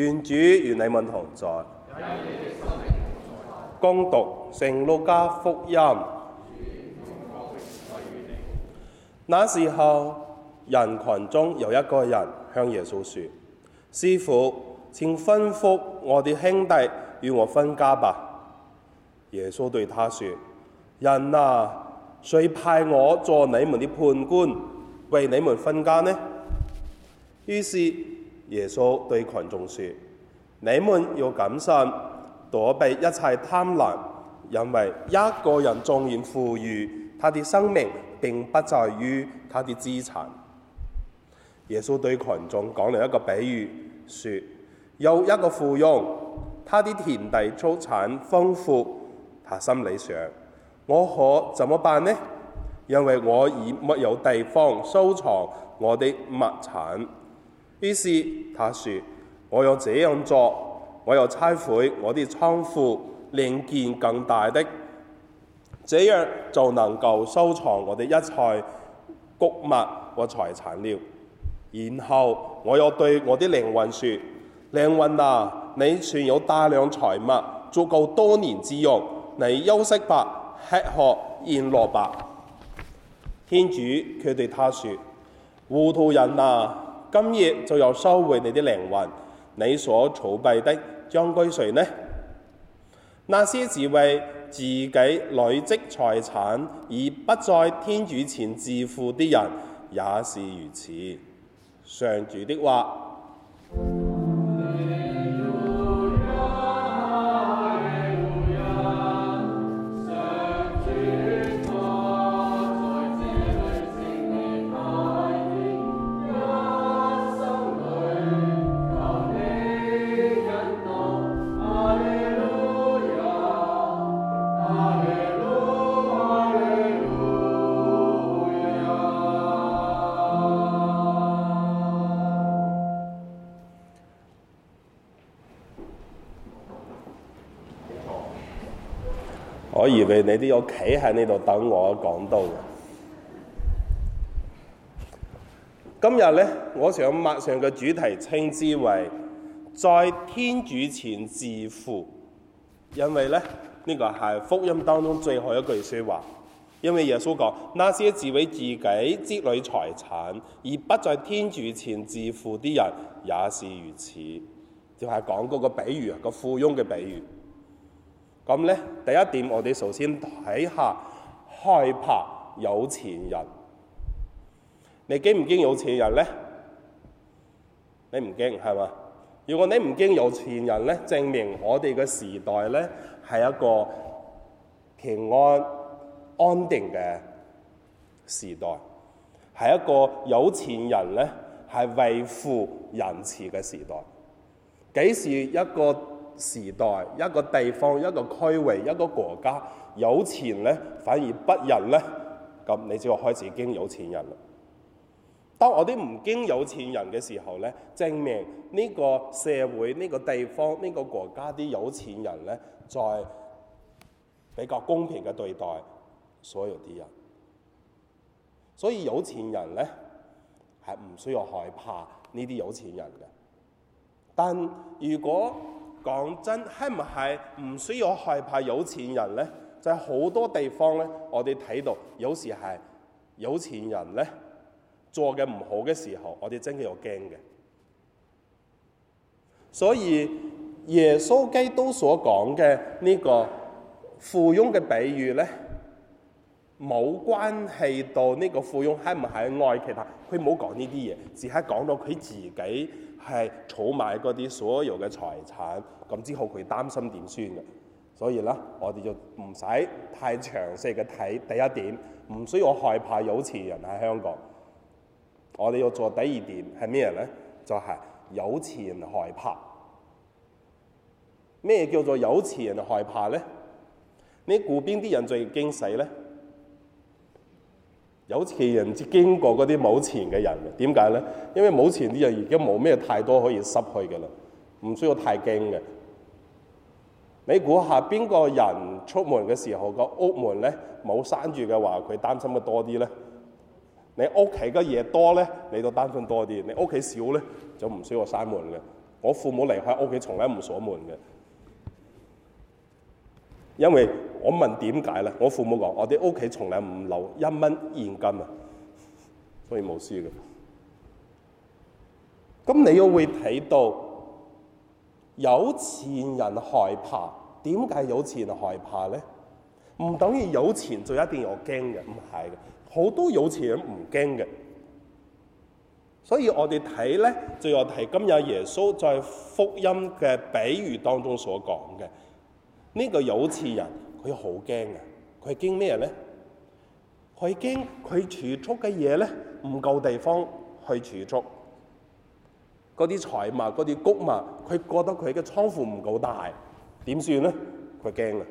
原主與你們同在。恭讀聖路加福音。那時候，人群中有一個人向耶穌說：師傅，請吩咐我的兄弟與我分家吧。耶穌對他說：人啊，誰派我做你們的判官，為你們分家呢？於是。耶穌對群眾說：你們要謹慎躲避一切貪婪，因為一個人縱然富裕，他的生命並不在於他的資產。耶穌對群眾講了一個比喻，說：有一個富翁，他的田地出產豐富，他心裏想：我可怎麼辦呢？因為我已沒有地方收藏我的物產。於是，他說：我要這樣做，我要拆毀我啲倉庫，另建更大的，這樣就能夠收藏我哋一切穀物和財產了。然後，我又對我啲靈魂説：靈魂啊，你存有大量財物，足夠多年之用，你休息吧，吃喝，宴樂吧。天主卻對他説：糊塗人啊！今夜就又收回你的靈魂，你所儲備的將歸誰呢？那些只為自己累積財產而不在天主前致富的人也是如此。上主的話。以為你啲有企喺呢度等我講到。今日咧，我想默上嘅主題稱之為在天主前致富，因為咧呢、呢個係福音當中最後一句說話。因為耶穌講那些自為自己積累財產而不在天主前致富啲人，也是如此。就係講嗰個比喻啊，個富翁嘅比喻。咁咧，第一點，我哋首先睇下害怕有錢人。你驚唔驚有錢人咧？你唔驚係嘛？如果你唔驚有錢人咧，證明我哋嘅時代咧係一個平安安定嘅時代，係一個有錢人咧係為富人慈嘅時代，幾時一個時代，一個地方，一個區域，一個國家有錢呢反而不仁呢。咁你就開始驚有錢人啦。當我啲唔驚有錢人嘅時候呢，證明呢個社會呢、呢個地方呢、呢個國家啲有錢人呢，在比較公平嘅對待所有啲人。所以有錢人呢，係唔需要害怕呢啲有錢人嘅，但如果講真，係唔係唔需要害怕有錢人咧？就係好多地方咧，我哋睇到有時係有錢人咧做嘅唔好嘅時候，我哋真係有驚嘅。所以耶穌基督所講嘅呢個富翁嘅比喻咧，冇關係到呢個富翁係唔係愛其他，佢冇講呢啲嘢，只係講到佢自己。係儲埋嗰啲所有嘅財產，咁之後佢擔心點算嘅？所以咧，我哋就唔使太詳細嘅睇第一點，唔需要害怕有錢人喺香港。我哋要做第二點係咩人咧？就係、是、有錢人害怕。咩叫做有錢人害怕咧？你估邊啲人最驚死咧？有錢人接經過嗰啲冇錢嘅人嘅，點解咧？因為冇錢啲人而家冇咩太多可以失去嘅啦，唔需要太驚嘅。你估下邊個人出門嘅時候，個屋門咧冇閂住嘅話，佢擔心得多啲咧？你屋企嘅嘢多咧，你都擔心多啲；你屋企少咧，就唔需要閂門嘅。我父母離開屋企從來唔鎖門嘅，因為，我問點解咧？我父母講：我哋屋企從來唔留一蚊現金啊，所以冇輸嘅。咁你又會睇到有錢人害怕，點解有錢人害怕咧？唔等於有錢就一定有驚嘅，唔係嘅，好多有錢人唔驚嘅。所以我哋睇咧，最後睇今日耶穌在福音嘅比喻當中所講嘅呢個有錢人。佢好驚啊，佢驚咩咧？佢驚佢儲蓄嘅嘢，咧唔夠地方去儲蓄，嗰啲財物、嗰啲谷物，佢覺得佢嘅倉庫唔夠大，點算咧？佢驚啊！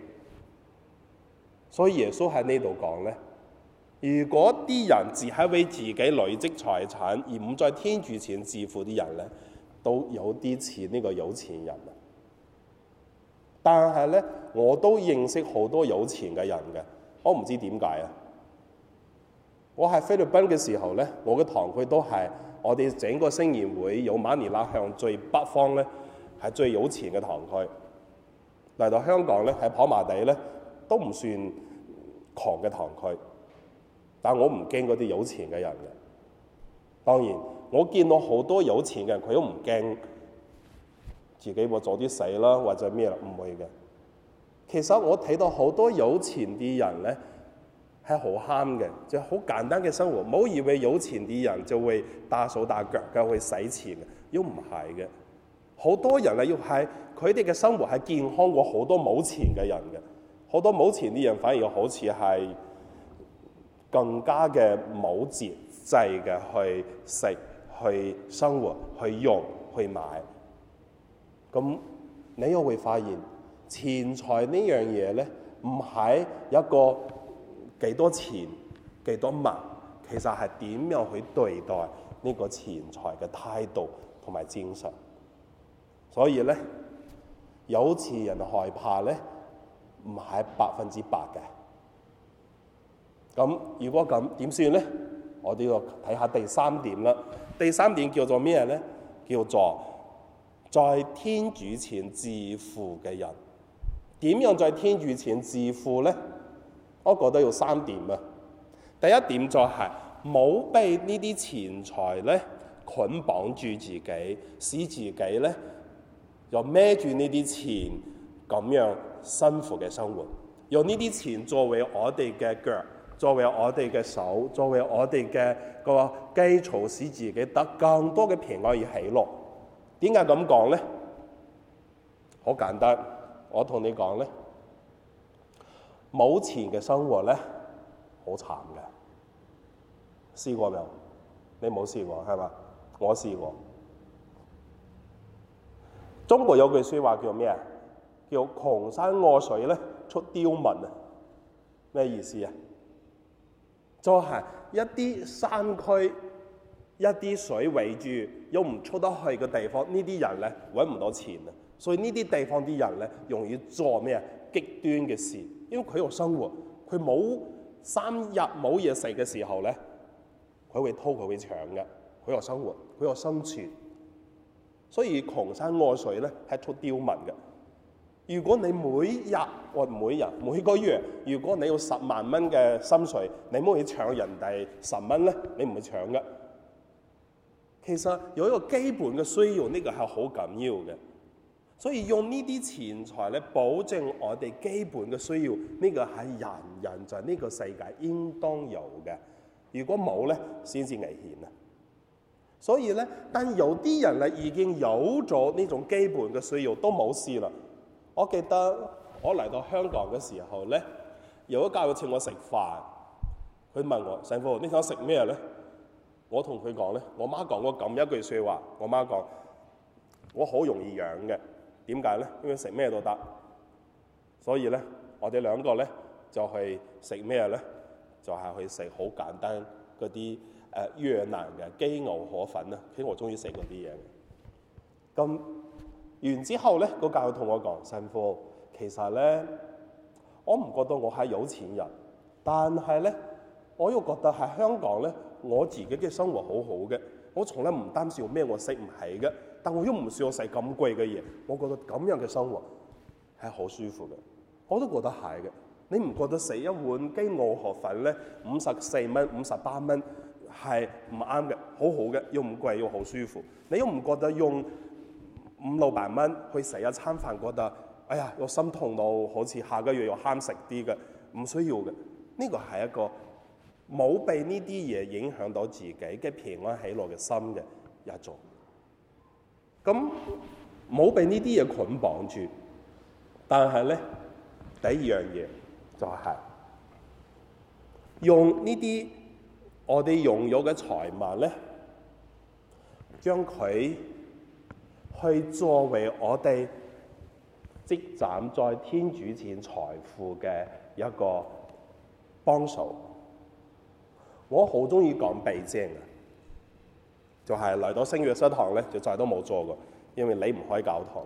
所以耶穌喺呢度講咧，如果啲人自係為自己累積財產而唔在天主前致富啲人咧，都有啲似呢個有錢人啊！但係咧，我都認識好多有錢嘅人嘅，我唔知點解啊！我喺菲律賓嘅時候咧，我嘅堂區都係我哋整個聖言會，有馬尼拉向最北方咧係最有錢嘅堂區。嚟到香港咧，喺跑馬地咧都唔算狂嘅堂區，但我唔驚嗰啲有錢嘅人嘅。當然，我見到好多有錢嘅人，佢都唔驚。自己會早啲死啦，或者咩啦，唔會嘅。其實我睇到好多有錢啲人咧係好慳嘅，就好簡單嘅生活。唔好以為有錢啲人就會大手大腳咁去使錢嘅，又唔係嘅。好多人咧，又係佢哋嘅生活係健康過好多冇錢嘅人嘅。好多冇錢啲人反而好似係更加嘅冇節制嘅去食、去生活、去用、去買。咁你又會發現錢財呢樣嘢咧，唔係一個幾多錢幾多物，其實係點樣去對待呢個錢財嘅態度同埋精神。所以咧，有錢人害怕咧，唔係百分之百嘅。咁如果咁點算咧？我哋要睇下第三點啦。第三點叫做咩咧？叫做。在天主前致富嘅人，點樣在天主前致富呢？我覺得有三點啊。第一點就係、是、冇被呢啲錢財咧捆綁住自己，使自己咧就孭住呢啲錢咁樣辛苦嘅生活，用呢啲錢作為我哋嘅腳，作為我哋嘅手，作為我哋嘅個基礎，使自己得更多嘅平安與喜樂。點解咁講咧？好簡單，我同你講咧，冇錢嘅生活咧，好慘嘅。試過未？你冇試過係嘛？我試過。中國有句説話叫咩啊？叫窮山惡水咧出刁民啊！咩意思啊？就係一啲山區。一啲水圍住，又唔出得去嘅地方，呢啲人咧揾唔到錢啊！所以呢啲地方啲人咧，容易做咩啊？極端嘅事，因為佢有生活，佢冇三日冇嘢食嘅時候咧，佢會偷，佢會搶嘅。佢有生活，佢有生存，所以窮山惡水咧係出刁民嘅。如果你每日，我每日每個月，如果你有十萬蚊嘅薪水，你唔會搶人哋十蚊咧，你唔會搶嘅。其實有一個基本嘅需要，呢個係好緊要嘅。所以用呢啲錢財咧，保證我哋基本嘅需要，呢個係人人在呢個世界應當有嘅。如果冇咧，先至危險啊！所以咧，但有啲人咧已經有咗呢種基本嘅需要，都冇事啦。我記得我嚟到香港嘅時候咧，有一教友請我食飯，佢問我：神父你想食咩咧？我同佢講咧，我媽講過咁一句説話。我媽講我好容易養嘅，點解咧？因為食咩都得。所以咧，我哋兩個咧就去食咩咧？就係、是、去食好簡單嗰啲誒越南嘅雞牛河粉啦。其實我中意食嗰啲嘢。咁完之後咧，個教會同我講：神父，其實咧，我唔覺得我係有錢人，但係咧，我又覺得喺香港咧。我自己嘅生活好好嘅，我從來唔擔心咩，我食唔起嘅。但我又唔想食咁貴嘅嘢，我覺得咁樣嘅生活係好舒服嘅。我都覺得係嘅。你唔覺得食一碗雞澳河粉咧，五十四蚊、五十八蚊係唔啱嘅，好好嘅，又唔貴又好舒服。你又唔覺得用五六百蚊去食一餐飯，覺得哎呀我心痛到，好似下個月要慳食啲嘅，唔需要嘅。呢個係一個。冇被呢啲嘢影響到自己，嘅平安喜樂嘅心嘅一組。咁冇被呢啲嘢捆綁住，但係咧第二樣嘢就係、是、用呢啲我哋擁有嘅財物咧，將佢去作為我哋積攢在天主前財富嘅一個幫手。我好中意講避靜，嘅，就係、是、嚟到聖約瑟堂咧，就再都冇做過，因為離唔開教堂。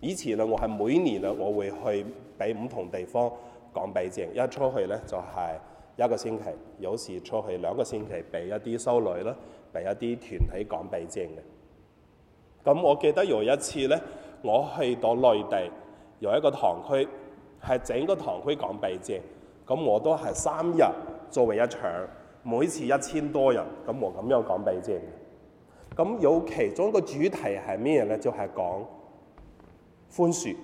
以前咧，我係每年咧，我會去俾唔同地方講避靜。一出去咧就係、是、一個星期，有時出去兩個星期，俾一啲修女啦，俾一啲團體講避靜。嘅。咁我記得有一次咧，我去到內地，有一個堂區係整個堂區講避靜。咁我都係三日。作為一場每次一千多人，咁我咁樣講俾你知，咁有其中一個主題係咩咧？就係、是、講寬恕。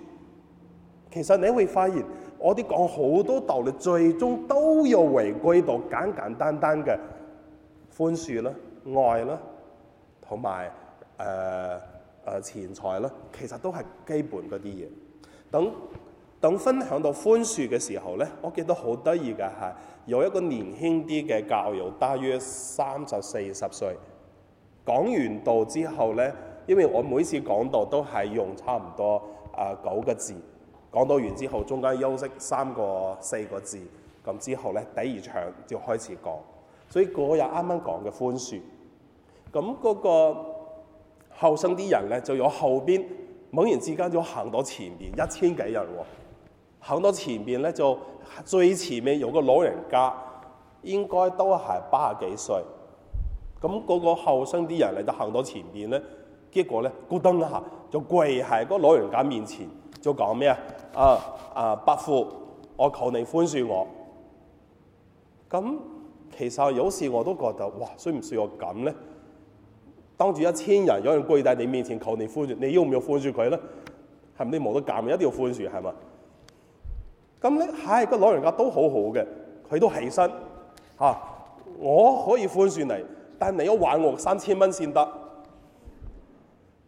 其實你會發現我哋講好多道理，最終都要回歸到簡簡單單嘅寬恕啦、愛啦，同埋誒誒錢財啦，其實都係基本嗰啲嘢。等。等分享到寬恕嘅時候呢，我記得好得意嘅係有一個年輕啲嘅教友，大約三十四十歲。講完道之後呢，因為我每次講道都係用差唔多啊九、呃、個字，講到完之後中間休息三個四個字，咁之後呢，第二場就開始講。所以嗰日啱啱講嘅寬恕，咁嗰個後生啲人呢，就有後邊猛然之間就行到前面一千幾人喎。1, 行到前邊咧，就最前面有個老人家，應該都係八十幾歲。咁、那、嗰個後生啲人嚟到行到前邊咧，結果咧，咕噔一下就跪喺個老人家面前，就講咩啊？啊啊，伯父，我求你寬恕我。咁、嗯、其實有時我都覺得，哇，衰唔衰我咁咧？當住一千人有人跪喺你面前求你寬恕，你要唔要寬恕佢咧？係咪你冇得揀？一定要寬恕係嘛？咁咧，唉、嗯，個老人家都好好嘅，佢都起身嚇、啊。我可以寬恕你，但係你要玩我三千蚊先得。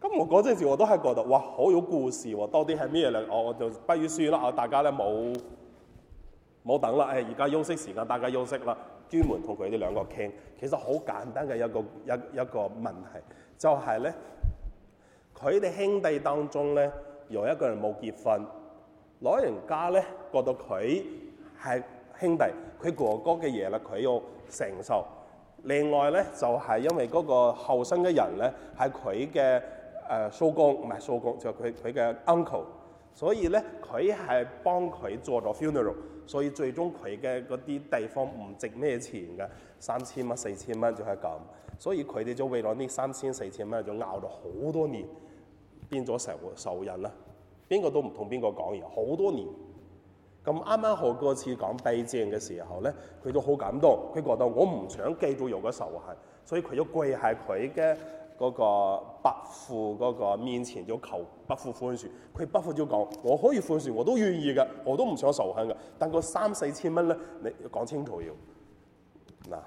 咁我嗰陣時我都覺得：「哇，好有故事喎！多啲係咩咧？」我我就不如輸啦。啊，大家咧冇冇等啦，誒、哎，而家休息時間，大家休息啦。專門同佢哋兩個傾，其實好簡單嘅一個一一個問題，就係、是、咧，佢哋兄弟當中咧，有一個人冇結婚。老人家咧，覺得佢係兄弟，佢哥哥嘅嘢啦，佢要承受。另外咧，就係因為嗰個後生嘅人咧，係佢嘅誒叔公，唔係叔公，就係佢佢嘅 uncle。所以咧，佢係幫佢做咗 funeral。所以最終佢嘅嗰啲地方唔值咩錢嘅，三千蚊、四千蚊就係咁。所以佢哋就為咗呢三千四千蚊，就拗咗好多年，變咗成個仇人啦。邊個都唔同邊個講嘢，好多年咁啱啱我嗰次講避靜嘅時候咧，佢都好感動，佢覺得我唔想繼續有個仇恨，所以佢就跪喺佢嘅嗰個伯父嗰個面前要求伯父寬恕。佢伯父就講：我可以寬恕，我都願意嘅，我都唔想仇恨嘅。但個三四千蚊咧，你講清楚要嗱，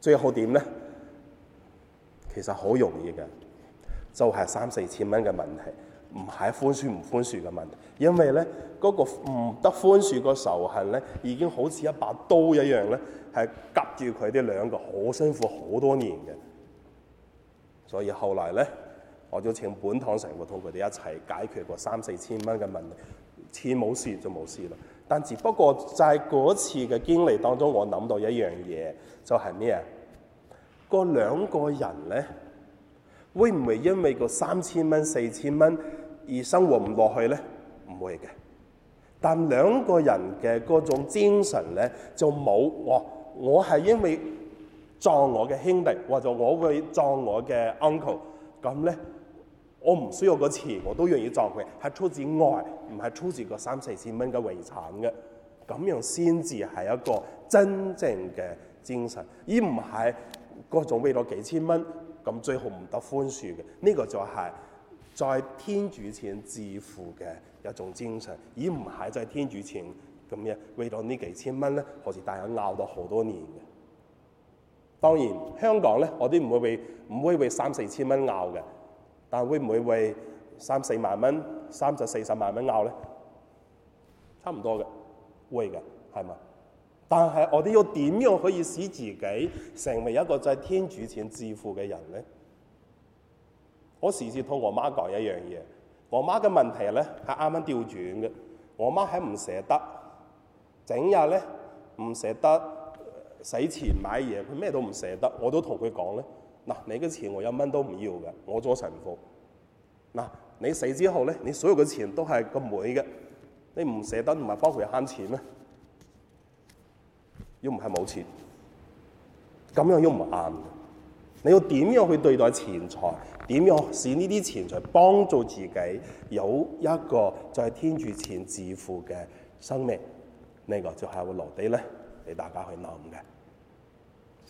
最後點咧？其實好容易嘅，就係三四千蚊嘅問題。唔係寬恕唔寬恕嘅問題，因為咧嗰個唔得寬恕個仇恨咧，已經好似一把刀一樣咧，係夾住佢哋兩個好辛苦好多年嘅。所以後嚟咧，我就請本堂成個同佢哋一齊解決個三四千蚊嘅問題，錢冇事就冇事啦。但只不過就係嗰次嘅經歷當中，我諗到一樣嘢，就係咩啊？嗰兩個人咧，會唔會因為個三千蚊、四千蚊？而生活唔落去咧，唔會嘅。但兩個人嘅嗰種精神咧，就冇喎。我係因為撞我嘅兄弟，或者我會撞我嘅 uncle，咁咧，我唔需要個錢，我都願意撞佢，係出自愛，唔係出自個三四千蚊嘅遺產嘅。咁樣先至係一個真正嘅精神，而唔係嗰種為咗幾千蚊，咁最後唔得寬恕嘅。呢、這個就係、是。在天主前致富嘅一種精神，而唔係在天主前咁樣為咗呢幾千蚊咧，好似大家拗到好多年嘅。當然香港咧，我哋唔會為唔會為三四千蚊拗嘅，但係會唔會為三四萬蚊、三十四十萬蚊拗咧？差唔多嘅，會嘅，係嘛？但係我哋要點樣可以使自己成為一個在天主前致富嘅人咧？我時時同我媽講一樣嘢，我媽嘅問題咧係啱啱調轉嘅，我媽係唔捨得，整日咧唔捨得使錢買嘢，佢咩都唔捨得。我都同佢講咧，嗱，你嘅錢我一蚊都唔要嘅，我做神父。嗱，你死之後咧，你所有嘅錢都係個妹嘅，你唔捨得唔係幫佢慳錢咩？又唔係冇錢，咁樣又唔啱。你要點樣去對待錢財？點樣使呢啲錢，去幫助自己有一個在天主前致富嘅生命？呢、呢個就係會留低咧，俾大家去諗嘅。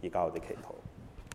而家我哋祈禱。